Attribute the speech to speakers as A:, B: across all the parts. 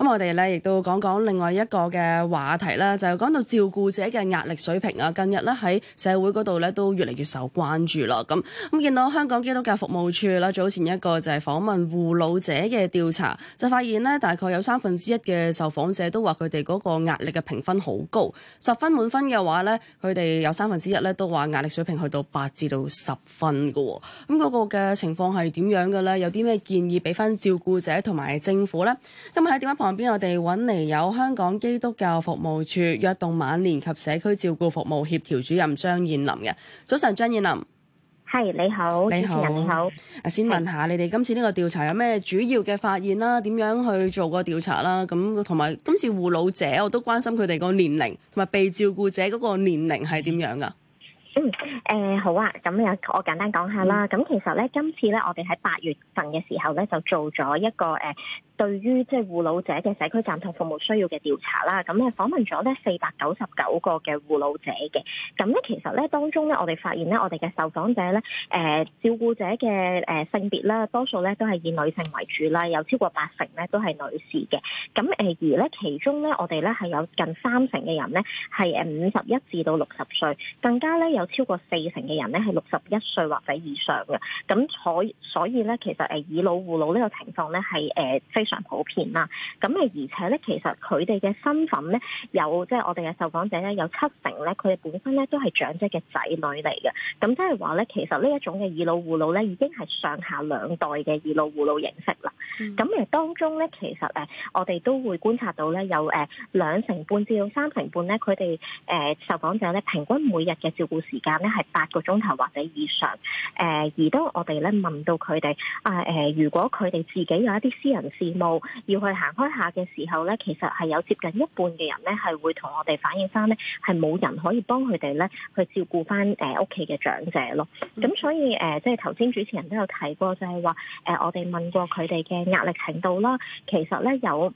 A: 咁我哋咧，亦都講講另外一個嘅話題啦，就係講到照顧者嘅壓力水平啊。近日咧喺社會嗰度咧，都越嚟越受關注啦。咁咁見到香港基督教服務處啦，早前一個就係訪問護老者嘅調查，就發現咧，大概有三分之一嘅受訪者都話佢哋嗰個壓力嘅評分好高，十分滿分嘅話咧，佢哋有三分之一咧都話壓力水平去到八至到十分嘅，哦。咁，那，嗰個嘅情況係點樣嘅咧？有啲咩建議俾翻照顧者同埋政府咧？今日喺電話旁旁邊我哋揾嚟有香港基督教服務處躍動晚年及社區照顧服務協調主任張燕琳嘅。早晨，張燕琳，係你好，你好，你好。啊，先問下你哋今次呢個調查有咩主要嘅發現啦？點樣去做個調查啦？咁同埋今次護老者我都關心佢哋個年齡同埋被照顧者嗰個年齡係點樣噶？嗯，
B: 誒，好啊。咁又我簡單講下啦。咁其實咧，今次咧，我哋喺八月份嘅時候咧，就做咗一個誒。對於即係護老者嘅社區暫託服務需要嘅調查啦，咁咧訪問咗咧四百九十九個嘅護老者嘅，咁咧其實咧當中咧，我哋發現咧，我哋嘅受訪者咧，誒照顧者嘅誒性別咧，多數咧都係以女性為主啦，有超過八成咧都係女士嘅。咁誒而咧其中咧，我哋咧係有近三成嘅人咧係誒五十一至到六十歲，更加咧有超過四成嘅人咧係六十一歲或者以上嘅。咁所所以咧，其實誒以老護老呢個情況咧係誒非。常普遍啦，咁誒而且咧，其實佢哋嘅身份咧，有即係我哋嘅受訪者咧，有七成咧，佢哋本身咧都係長者嘅仔女嚟嘅，咁即係話咧，其實呢一種嘅以老護老咧，已經係上下兩代嘅以老護老形式啦。咁誒、嗯、當中咧，其實誒我哋都會觀察到咧，有誒兩成半至到三成半咧，佢哋誒受訪者咧平均每日嘅照顧時間咧係八個鐘頭或者以上。誒而當我哋咧問到佢哋啊誒，如果佢哋自己有一啲私人事。冇要去行開下嘅時候呢，其實係有接近一半嘅人呢係會同我哋反映翻呢係冇人可以幫佢哋呢去照顧翻誒屋企嘅長者咯。咁所以誒，即係頭先主持人都有提過就，就係話誒，我哋問過佢哋嘅壓力程度啦，其實呢，有。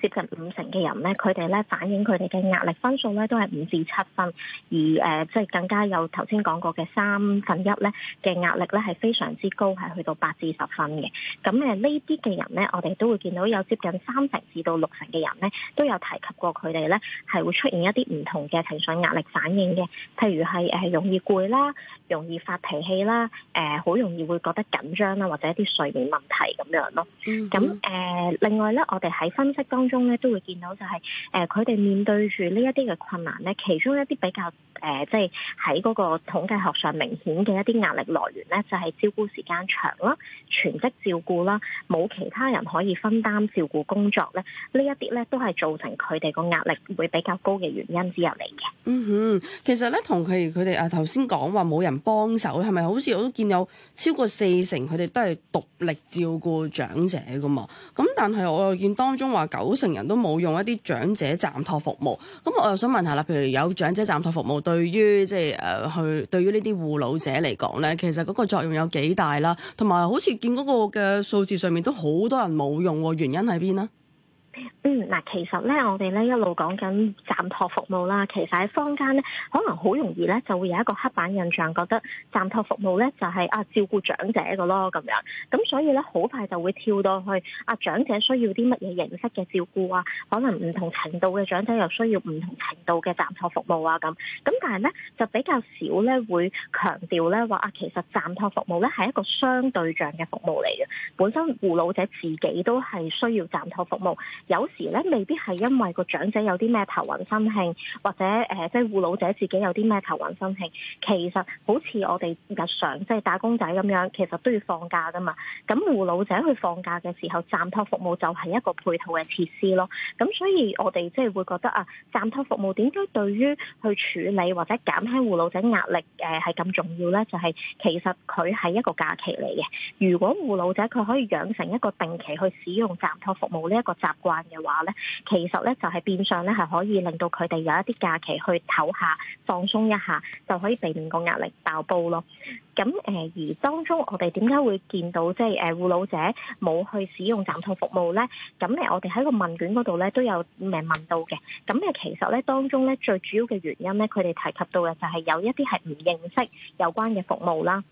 B: 接近五成嘅人咧，佢哋咧反映佢哋嘅壓力分數咧都係五至七分，而誒即係更加有頭先講過嘅三分一咧嘅壓力咧係非常之高，係去到八至十分嘅。咁誒、呃、呢啲嘅人咧，我哋都會見到有接近三成至到六成嘅人咧都有提及過佢哋咧係會出現一啲唔同嘅情緒壓力反應嘅，譬如係誒容易攰啦，容易發脾氣啦，誒、呃、好容易會覺得緊張啦，或者一啲睡眠問題咁樣咯。咁誒、呃、另外咧，我哋喺分析當中咧都會見到就係誒，佢哋面對住呢一啲嘅困難咧，其中一啲比較誒，即係喺嗰個統計學上明顯嘅一啲壓力來源咧，就係照顧時間長啦，全職照顧啦，冇其他人可以分擔照顧工作咧，呢一啲咧都係造成佢哋個壓力會比較高嘅原因
A: 之入嚟嘅。嗯哼，其實咧同佢哋佢哋啊頭先講話冇人幫手，係咪好似我都見有超過四成佢哋都係獨力照顧長者噶嘛？咁但係我又見當中話九。九成人都冇用一啲長者暫託服務，咁我又想問下啦，譬如有長者暫託服務對、即係呃，對於即係誒去對於呢啲護老者嚟講咧，其實嗰個作用有幾大啦？同埋好似見嗰個嘅數字上面都好多人冇用，原因喺邊呢？嗯，嗱，其實咧，我哋咧一路講緊暫託服務啦，其實喺坊間咧，可
B: 能好容易咧就會有一個黑板印象，覺得暫託服務咧就係、是、啊照顧長者嘅咯咁樣，咁所以咧好快就會跳到去啊長者需要啲乜嘢形式嘅照顧啊，可能唔同程度嘅長者又需要唔同程度嘅暫託服務啊咁，咁但係咧就比較少咧會強調咧話啊其實暫託服務咧係一個相對象嘅服務嚟嘅，本身護老者自己都係需要暫託服務。有時咧，未必係因為個長者有啲咩頭暈身㷫，或者誒即係護老者自己有啲咩頭暈身㷫。其實好似我哋日常即係、就是、打工仔咁樣其實都要放假㗎嘛。咁護老者去放假嘅時候，暫託服務就係一個配套嘅設施咯。咁所以我哋即係會覺得啊，暫託服務點解對於去處理或者減輕護老者壓力誒係咁重要咧？就係、是、其實佢係一個假期嚟嘅。如果護老者佢可以養成一個定期去使用暫託服務呢一個習慣，嘅話咧，其實咧就係變相咧係可以令到佢哋有一啲假期去唞下放鬆一下，就可以避免個壓力爆煲咯。咁誒，而當中我哋點解會見到即係誒護老者冇去使用暫託服務咧？咁誒，我哋喺個問卷嗰度咧都有誒問到嘅。咁誒，其實咧當中咧最主要嘅原因咧，佢哋提及到嘅就係有一啲係唔認識有關嘅服務啦。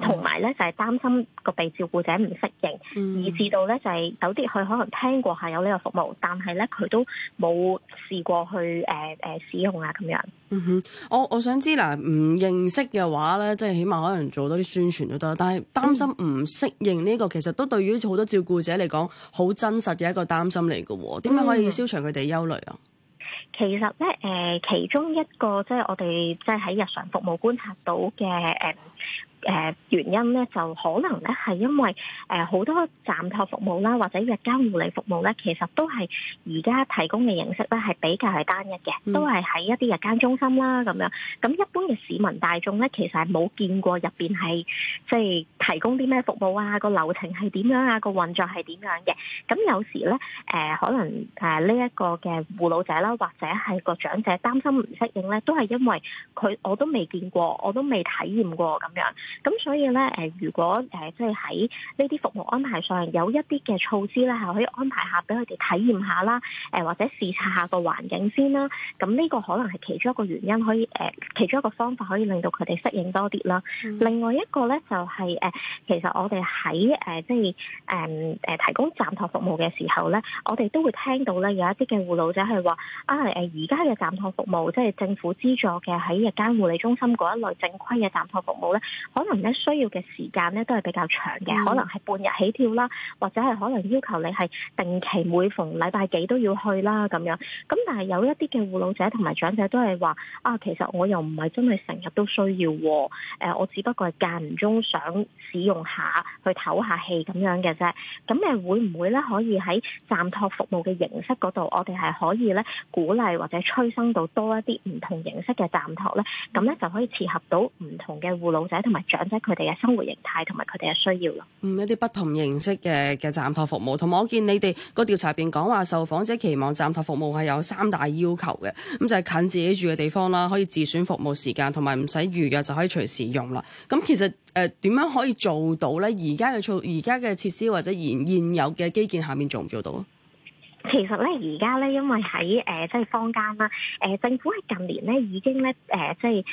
B: 同埋咧，就係擔心個被照顧者唔適應，嗯、以至到咧就係有啲佢可能聽過係有呢個服務，但係咧佢都冇試過去誒誒、呃呃、使用啊咁樣。嗯哼，
A: 我我想知嗱，唔認識嘅話咧，即係起碼可能做多啲宣傳都得。但係擔心唔適應呢、這個，嗯、其實都對於好多照顧者嚟講，好真實嘅一個擔心嚟嘅喎。點樣可以消除佢哋憂慮啊、嗯？
B: 其實咧，誒、呃，其中一個即係、就是、我哋即係喺日常服務觀察到嘅誒。呃誒原因咧，就可能咧係因為誒好、呃、多暫託服務啦，或者日間護理服務咧，其實都係而家提供嘅形式咧，係比較係單一嘅，嗯、都係喺一啲日間中心啦咁樣。咁一般嘅市民大眾咧，其實係冇見過入邊係即係提供啲咩服務啊，個流程係點樣啊，個運作係點樣嘅。咁有時咧誒、呃，可能誒呢一個嘅護老者啦，或者係個長者擔心唔適應咧，都係因為佢我都未見過，我都未體驗過咁樣。咁所以咧，誒，如果誒，即係喺呢啲服務安排上有一啲嘅措施咧，係可以安排下俾佢哋體驗下啦，誒、呃，或者視察下個環境先啦。咁、啊、呢、這個可能係其中一個原因，可以誒、呃，其中一個方法可以令到佢哋適應多啲啦。嗯、另外一個咧就係、是、誒、呃，其實我哋喺誒，即係誒誒提供暫託服務嘅時候咧，我哋都會聽到咧有一啲嘅護老者係話啊，誒而家嘅暫託服務即係政府資助嘅喺日間護理中心嗰一類正規嘅暫託服務咧，可。可能咧需要嘅時間咧都係比較長嘅，可能係半日起跳啦，或者係可能要求你係定期每逢禮拜幾都要去啦咁樣。咁但係有一啲嘅護老者同埋長者都係話：啊，其實我又唔係真係成日都需要喎、呃。我只不過係間唔中想使用下去唞下氣咁樣嘅啫。咁誒會唔會咧可以喺暫託服務嘅形式嗰度，我哋係可以咧鼓勵或者催生到多一啲唔同形式嘅暫託咧？
A: 咁咧就可以切合到唔同嘅護老者同埋掌握佢哋嘅生活形態同埋佢哋嘅需要咯。嗯，一啲不同形式嘅嘅暫託服務，同埋我見你哋個調查入邊講話，受訪者期望暫託服務係有三大要求嘅。咁就係近自己住嘅地方啦，可以自選服務時間，同埋唔使預約就可以隨時用啦。咁其實誒，點樣可以做到咧？而家嘅措，而家嘅設施或者現現有嘅基建下面做唔做到啊？其實
B: 咧，而家咧，因為喺誒即係坊間啦，誒政府喺近年咧已經咧誒即係。呃就是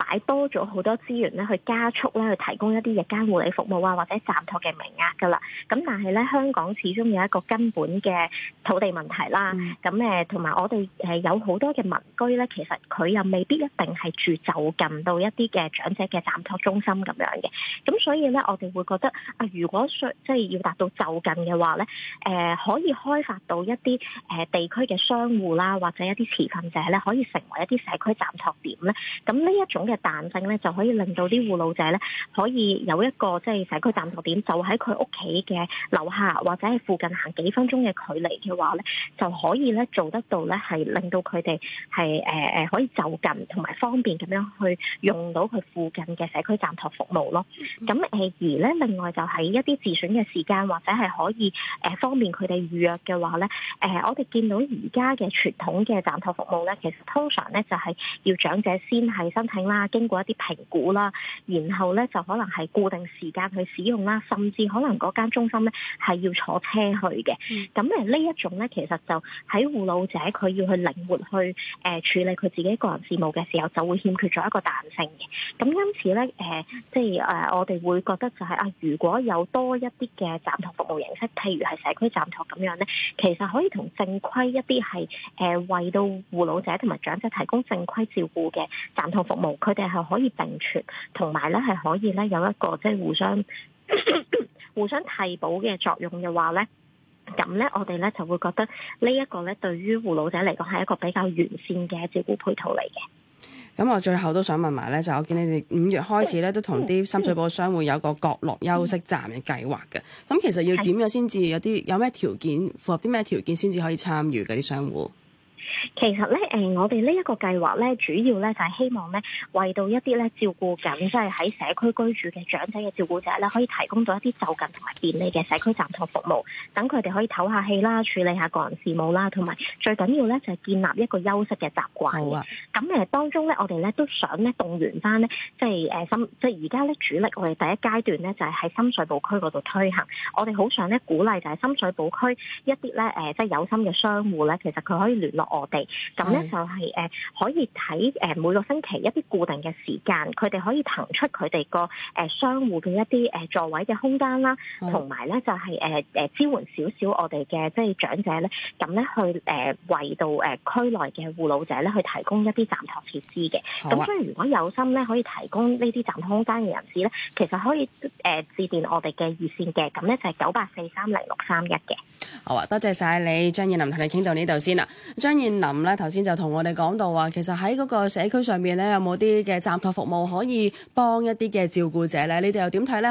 B: 擺多咗好多資源咧，去加速咧去提供一啲日間護理服務啊，或者暫託嘅名額㗎喇。咁但係咧，香港始終有一個根本嘅土地問題啦。咁誒，同埋我哋誒有好多嘅民居咧，其實佢又未必一定係住就近到一啲嘅長者嘅暫託中心咁樣嘅。咁所以咧，我哋會覺得啊，如果即係要達到就近嘅話咧，誒、呃、可以開發到一啲誒、呃、地區嘅商戶啦，或者一啲持份者咧，可以成為一啲社區暫託點咧。咁呢一種嘅彈性咧，就可以令到啲護老者咧，可以有一個即係、就是、社區暫託點，就喺佢屋企嘅樓下或者係附近行幾分鐘嘅距離嘅話咧，就可以咧做得到咧，係令到佢哋係誒誒可以就近同埋方便咁樣去用到佢附近嘅社區暫託服務咯。咁誒、mm hmm. 而咧，另外就係一啲自選嘅時間或者係可以誒方便佢哋預約嘅話咧，誒、呃、我哋見到而家嘅傳統嘅暫託服務咧，其實通常咧就係要長者先係申請啦。經過一啲評估啦，然後咧就可能係固定時間去使用啦，甚至可能嗰間中心咧係要坐車去嘅。咁咧呢一種咧，其實就喺護老者佢要去靈活去誒、呃、處理佢自己個人事務嘅時候，就會欠缺咗一個彈性嘅。咁因此咧，誒、呃、即係誒、呃、我哋會覺得就係、是、啊，如果有多一啲嘅暫託服務形式，譬如係社區暫託咁樣咧，其實可以同正規一啲係誒為到護老者同埋長者提供正規照顧嘅暫託服務。佢哋係可以並存，同埋咧係可以咧有一個即係互相 互相替補嘅作用嘅話咧，咁咧我哋咧就會覺得呢
A: 一個咧對於護老者嚟講係一個比較完善嘅照顧配套嚟嘅。咁我最後都想問埋咧，就我見你哋五月開始咧都同啲深水埗商會有個角落休息站嘅計劃嘅，咁 其實要點樣先至有啲有咩條件符合啲咩條件先至可以參與嗰啲商戶？
B: 其實咧，誒、呃，我哋呢一個計劃咧，主要咧就係希望咧，為到一啲咧照顧緊，即係喺社區居住嘅長者嘅照顧者咧，可以提供到一啲就近同埋便利嘅社區暫托服務，等佢哋可以唞下氣啦，處理下個人事務啦，同埋最緊要咧就係、是、建立一個休息嘅習慣。咁誒了、呃，當中咧，我哋咧都想咧動員翻咧，即係誒深，即係而家咧主力，我哋第一階段咧就係、是、喺深水埗區嗰度推行。我哋好想咧鼓勵就係深水埗區一啲咧，誒，即係有心嘅商戶咧，其實佢可以聯絡我。我哋咁咧就係誒可以睇誒每個星期一啲固定嘅時間，佢哋可以騰出佢哋個誒商戶嘅一啲誒座位嘅空間啦，同埋咧就係誒誒支援少少我哋嘅即係長者咧，咁咧去誒為到誒區內嘅護老者咧去提供一啲暫託設施嘅。咁所以如果有心咧可以提供呢啲暫託空間嘅人士咧，其實可以誒致電我哋嘅熱線嘅，咁咧就係九八四
A: 三零六三一嘅。好啊，多謝曬你張燕琳，同你傾到呢度先啦。張燕琳咧，頭先就同我哋講到話，其實喺嗰個社區上面咧，有冇啲嘅暫託服務可以幫一啲嘅照顧者咧？你哋又點睇咧？